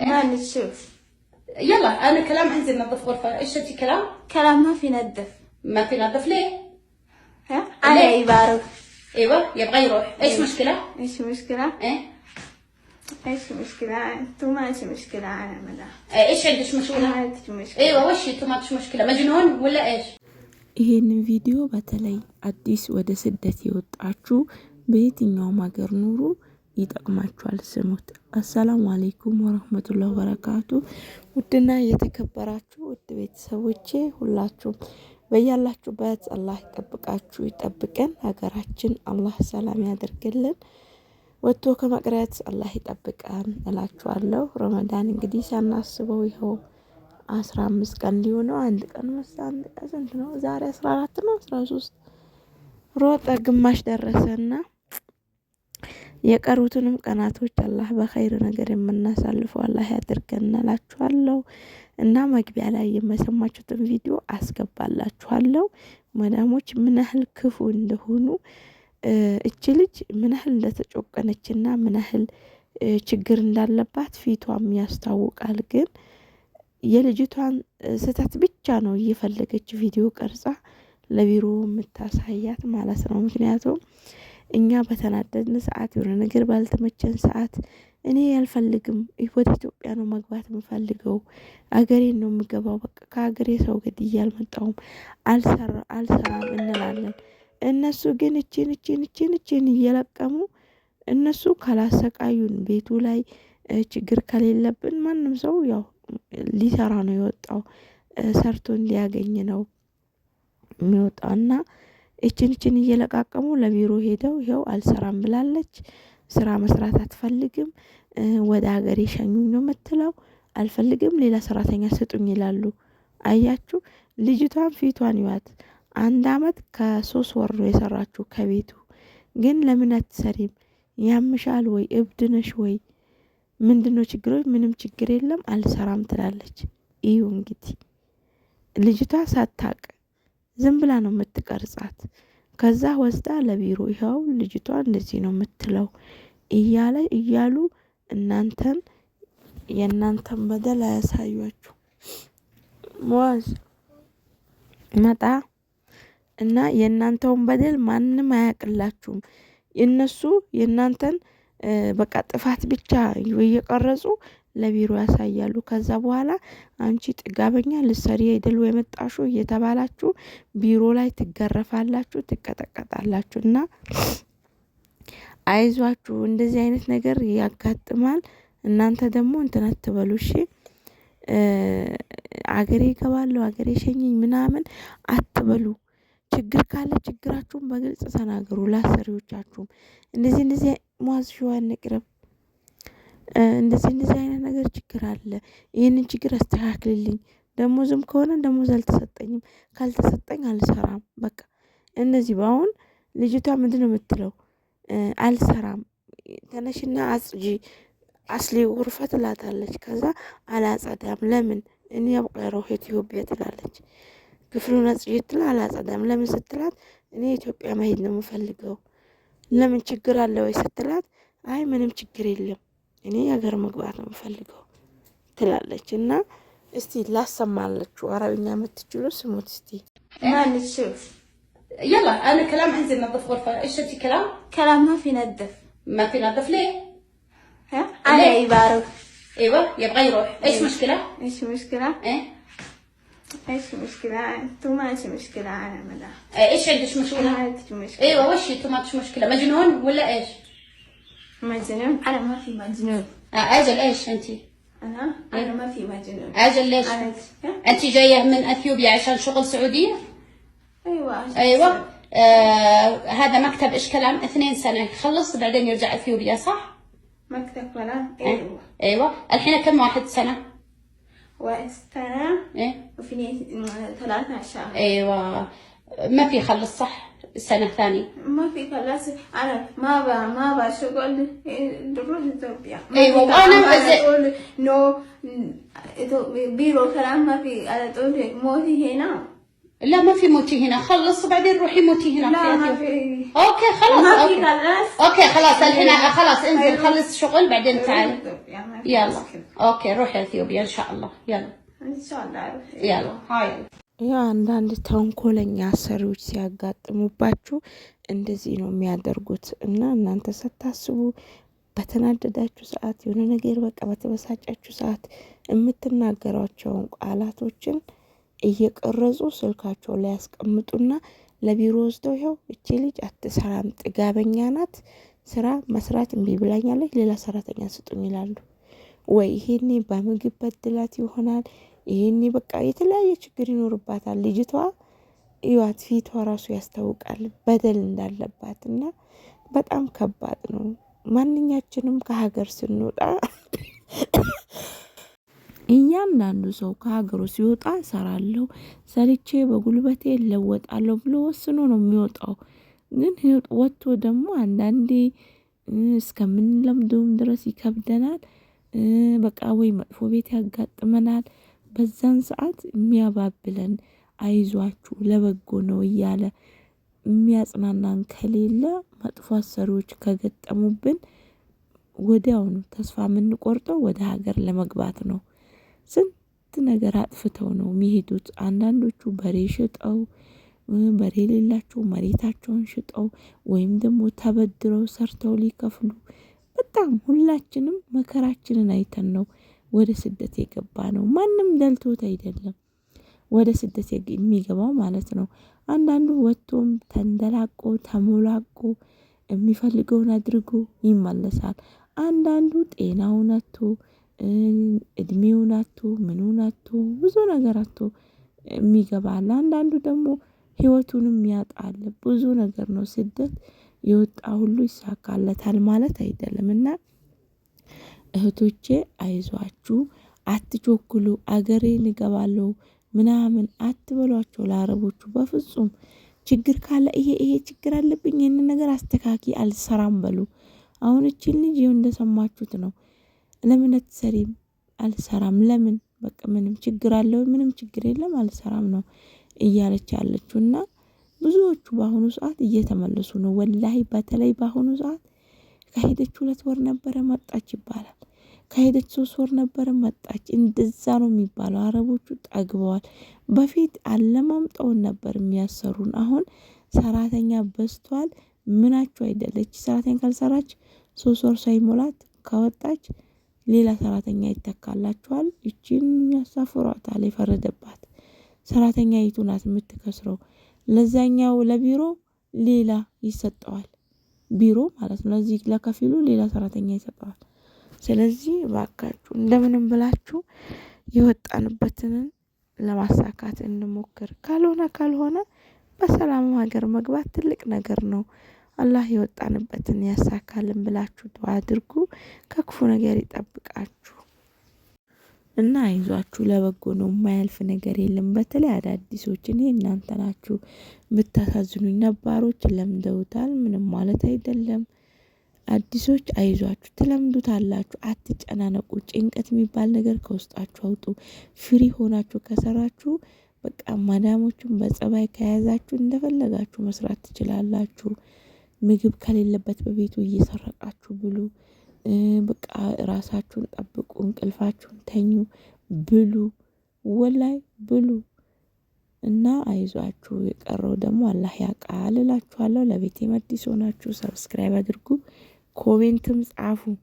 ما إيه. نشوف يلا انا كلام عندي ننظف غرفه ايش انت كلام كلام ما في نظف ما في نظف ليه ها علي يبارك ايوه يبغى يروح ايش أيوة. مشكله ايش مشكله ايه ايش مشكلة؟ انتو ما عندي مشكلة على مدى إيه، ايش عندك مشكلة؟ ما عندك مشكلة ايوه وش انتو ما عندك مشكلة مجنون ولا ايش? ይህን ቪዲዮ በተለይ አዲስ ወደ ስደት የወጣችሁ በየትኛውም ሀገር ኑሩ ይጠቅማችኋል። ስሙት። አሰላሙ አሌይኩም ወረህመቱላ ወበረካቱ። ውድና የተከበራችሁ ውድ ቤተሰቦቼ ሁላችሁም በያላችሁበት አላህ ይጠብቃችሁ ይጠብቀን። ሀገራችን አላህ ሰላም ያደርግልን። ወጥቶ ከመቅረት አላህ ይጠብቀን እላችኋለሁ። ረመዳን እንግዲህ ሳናስበው ይኸው አስራ አምስት ቀን ሊሆነው አንድ ቀን መስ አንድ ቀን ስንት ነው ዛሬ? አስራ አራት ነው አስራ ሶስት ሮጠ ግማሽ ደረሰና የቀሩትንም ቀናቶች አላህ በኸይር ነገር የምናሳልፈው አላህ ያድርገን እላችኋለሁ። እና መግቢያ ላይ የመሰማችሁትን ቪዲዮ አስገባላችኋለሁ። መዳሞች ምን ያህል ክፉ እንደሆኑ እች ልጅ ምን ያህል እንደተጮቀነችና ምን ያህል ችግር እንዳለባት ፊቷም ያስታውቃል። ግን የልጅቷን ስህተት ብቻ ነው እየፈለገች ቪዲዮ ቀርጻ ለቢሮ የምታሳያት ማለት ነው። ምክንያቱም እኛ በተናደድን ሰዓት፣ የሆነ ነገር ባልተመቸን ሰዓት እኔ አልፈልግም ወደ ኢትዮጵያ ነው መግባት የምፈልገው፣ አገሬን ነው የምገባው፣ በቃ ከሀገሬ ሰው ገድዬ አልመጣውም፣ አልሰራም እንላለን። እነሱ ግን እችን እችን እችን እችን እየለቀሙ እነሱ ካላሰቃዩን ቤቱ ላይ ችግር ከሌለብን ማንም ሰው ያው ሊሰራ ነው የወጣው ሰርቶን ሊያገኝ ነው የሚወጣው እና እችን እችን እየለቃቀሙ ለቢሮ ሄደው ይኸው አልሰራም ብላለች፣ ስራ መስራት አትፈልግም፣ ወደ ሀገር የሸኙኝ ነው የምትለው። አልፈልግም ሌላ ሰራተኛ ስጡኝ ይላሉ። አያችሁ ልጅቷን ፊቷን ይዋት። አንድ አመት ከሶስት ወር ነው የሰራችሁ ከቤቱ ግን ለምን አትሰሪም? ያምሻል ወይ እብድነሽ ወይ ምንድነው ችግሮች? ምንም ችግር የለም አልሰራም ትላለች። እዩ እንግዲህ ልጅቷ ሳታቅ ዝም ብላ ነው የምትቀርጻት። ከዛ ወስዳ ለቢሮ ይኸው ልጅቷ እንደዚህ ነው የምትለው እያለ እያሉ እናንተን የእናንተን በደል አያሳያችሁ። ሞዝ መጣ እና የእናንተውን በደል ማንም አያቅላችሁም። እነሱ የእናንተን በቃ ጥፋት ብቻ እየቀረጹ ለቢሮ ያሳያሉ። ከዛ በኋላ አንቺ ጥጋበኛ ልትሰሪ አይደል የመጣሽው እየተባላችሁ ቢሮ ላይ ትገረፋላችሁ፣ ትቀጠቀጣላችሁ። እና አይዟችሁ እንደዚህ አይነት ነገር ያጋጥማል። እናንተ ደግሞ እንትን አትበሉ እሺ። አገሬ እገባለሁ አገሬ ሸኘኝ ምናምን አትበሉ። ችግር ካለ ችግራችሁን በግልጽ ተናገሩ። ላሰሪዎቻችሁም እንደዚህ እንደዚህ ሙአዝ ሸዋን ነቅረብ እንደዚህ እንደዚህ አይነት ነገር ችግር አለ ይህንን ችግር አስተካክልልኝ ደሞዝም ከሆነ ደሞዝ አልተሰጠኝም ካልተሰጠኝ አልሰራም በቃ እነዚህ በአሁን ልጅቷ ነው የምትለው? አልሰራም ተነሽና አጽጂ አስሊ ጉርፈ ትላታለች። ከዛ አላጸዳም ለምን እኔ አብቀረው ኢትዮጵያ ትላለች። ክፍሉን አጽጂ ትላ አላጸዳም ለምን ስትላት እኔ ኢትዮጵያ መሄድ ነው የምፈልገው። ለምን ችግር አለ ወይ ስትላት አይ ምንም ችግር የለም እኔ የሀገር መግባት ነው የምፈልገው ትላለች እና እስቲ ላሰማላችሁ። አረብኛ የምትችሉ ስሙት እስቲ። يلا انا كلام حزين نظف غرفه ايش شفتي كلام كلام ما في نظف ما في نظف ليه ها على يبارو ايوه يبغى يروح ايش مشكله ايش مشكله ايه ايش مشكله انتو ما عندي مشكله انا ملا ايش عندك مشكله ما عندك مشكله ايوه وش انتو ما عندك مشكله مجنون ولا ايش مجنون آه، إيه؟ انا ما في مجنون اجل ايش انت؟ انا انا ما في مجنون اجل ليش؟ إيه؟ انت جايه من اثيوبيا عشان شغل سعوديه؟ ايوه ايوه آه هذا مكتب ايش كلام؟ اثنين سنه يخلص بعدين يرجع اثيوبيا صح؟ مكتب كلام إيه. ايوه ايوه الحين كم واحد سنه؟ واحد سنه ايه وفي ثلاثة شهر ايوه ما في خلص صح؟ السنه الثانيه ما في كلاس انا ما با ما با شغل دروس اثيوبيا ايوه وانا بس أقول نو بيرو كلام ما في على طول موتي هنا لا ما في موتي هنا خلص وبعدين روحي موتي هنا لا ما في اوكي خلاص ما في كلاس اوكي خلاص الحين خلاص انزل خلص شغل بعدين تعال يلا اوكي روحي اثيوبيا ان شاء الله يلا ان شاء الله يلا هاي ያው አንዳንድ ተንኮለኛ አሰሪዎች ሲያጋጥሙባችሁ እንደዚህ ነው የሚያደርጉት እና እናንተ ስታስቡ በተናደዳችሁ ሰዓት የሆነ ነገር በቃ በተበሳጫችሁ ሰዓት የምትናገሯቸውን ቃላቶችን እየቀረጹ ስልካቸው ላይ ያስቀምጡና ለቢሮ ወስደው ይኸው እቺ ልጅ አትሰራም፣ ጥጋበኛ ናት፣ ስራ መስራት እምቢ ብላኛለች፣ ሌላ ሰራተኛ ስጡኝ ይላሉ። ወይ ይሄኔ በምግብ በድላት ይሆናል ይህኔ በቃ የተለያየ ችግር ይኖርባታል ልጅቷ። ይዋት ፊቷ ራሱ ያስታውቃል በደል እንዳለባት እና በጣም ከባድ ነው። ማንኛችንም ከሀገር ስንወጣ እያንዳንዱ ሰው ከሀገሩ ሲወጣ ሰራለሁ፣ ሰርቼ በጉልበቴ ለወጣለሁ ብሎ ወስኖ ነው የሚወጣው። ግን ወጥቶ ደግሞ አንዳንዴ እስከምንለምደውም ድረስ ይከብደናል። በቃ ወይ መጥፎ ቤት ያጋጥመናል። በዛን ሰዓት የሚያባብለን አይዟችሁ ለበጎ ነው እያለ የሚያጽናናን ከሌለ መጥፎ አሰሪዎች ከገጠሙብን ወዲያውኑ ተስፋ የምንቆርጠው ወደ ሀገር ለመግባት ነው። ስንት ነገር አጥፍተው ነው የሚሄዱት። አንዳንዶቹ በሬ ሽጠው በሬ የሌላቸው መሬታቸውን ሽጠው ወይም ደግሞ ተበድረው ሰርተው ሊከፍሉ በጣም ሁላችንም መከራችንን አይተን ነው ወደ ስደት የገባ ነው። ማንም ደልቶት አይደለም ወደ ስደት የሚገባው ማለት ነው። አንዳንዱ ወጥቶም ተንደላቆ ተሞላቆ የሚፈልገውን አድርጎ ይመለሳል። አንዳንዱ ጤናውን አቶ እድሜውን አቶ ምኑን አቶ ብዙ ነገር አቶ የሚገባል። አንዳንዱ ደግሞ ህይወቱንም ያጣል ብዙ ነገር ነው ስደት የወጣ ሁሉ ይሳካለታል ማለት አይደለም እና እህቶቼ አይዟችሁ፣ አትቾክሉ፣ አገሬ እገባለሁ ምናምን አትበሏቸው። ለአረቦቹ በፍጹም ችግር ካለ ይሄ ይሄ ችግር አለብኝ ይህንን ነገር አስተካኪ አልሰራም በሉ። አሁን እችን ልጅ ይኸው እንደሰማችሁት ነው። ለምን አትሰሪም? አልሰራም። ለምን በቃ ምንም ችግር አለው? ምንም ችግር የለም አልሰራም ነው እያለች ያለችው። እና ብዙዎቹ በአሁኑ ሰዓት እየተመለሱ ነው። ወላሂ በተለይ በአሁኑ ሰዓት ከሄደች ሁለት ወር ነበረ መጣች ይባላል። ከሄደች ሶስት ወር ነበረ መጣች። እንደዛ ነው የሚባለው። አረቦቹ ጠግበዋል። በፊት አለማምጠውን ነበር የሚያሰሩን። አሁን ሰራተኛ በዝቷል። ምናቸው አይደለች። ሰራተኛ ካልሰራች ሶስት ወር ሳይሞላት ከወጣች ሌላ ሰራተኛ ይተካላችኋል። ይቺን ያሳፍሯታል። የፈረደባት ሰራተኛ ይቱ ናት የምትከስረው። ለዛኛው ለቢሮ ሌላ ይሰጠዋል። ቢሮ ማለት ነው። ለዚህ ለከፊሉ ሌላ ሰራተኛ ይሰጠዋል። ስለዚህ እባካችሁ እንደምንም ብላችሁ የወጣንበትንን ለማሳካት እንሞክር። ካልሆነ ካልሆነ በሰላም ሀገር መግባት ትልቅ ነገር ነው። አላህ የወጣንበትን ያሳካልን ብላችሁ ዱዓ አድርጉ። ከክፉ ነገር ይጠብቃችሁ እና አይዟችሁ፣ ለበጎ ነው። የማያልፍ ነገር የለም። በተለይ አዳዲሶች እኔ እናንተ ናችሁ የምታሳዝኑኝ። ነባሮች ለምደውታል፣ ምንም ማለት አይደለም። አዲሶች አይዟችሁ፣ ትለምዱታላችሁ፣ አትጨናነቁ። ጭንቀት የሚባል ነገር ከውስጣችሁ አውጡ። ፍሪ ሆናችሁ ከሰራችሁ በቃ ማዳሞቹን በጸባይ ከያዛችሁ እንደፈለጋችሁ መስራት ትችላላችሁ። ምግብ ከሌለበት በቤቱ እየሰረቃችሁ ብሉ። በቃ ራሳችሁን ጠብቁ፣ እንቅልፋችሁን ተኙ፣ ብሉ፣ ወላይ ብሉ እና አይዟችሁ። የቀረው ደግሞ አላህ ያውቃል እላችኋለሁ። ለቤቴ አዲስ ሆናችሁ ሰብስክራይብ አድርጉ። Comentamos avô.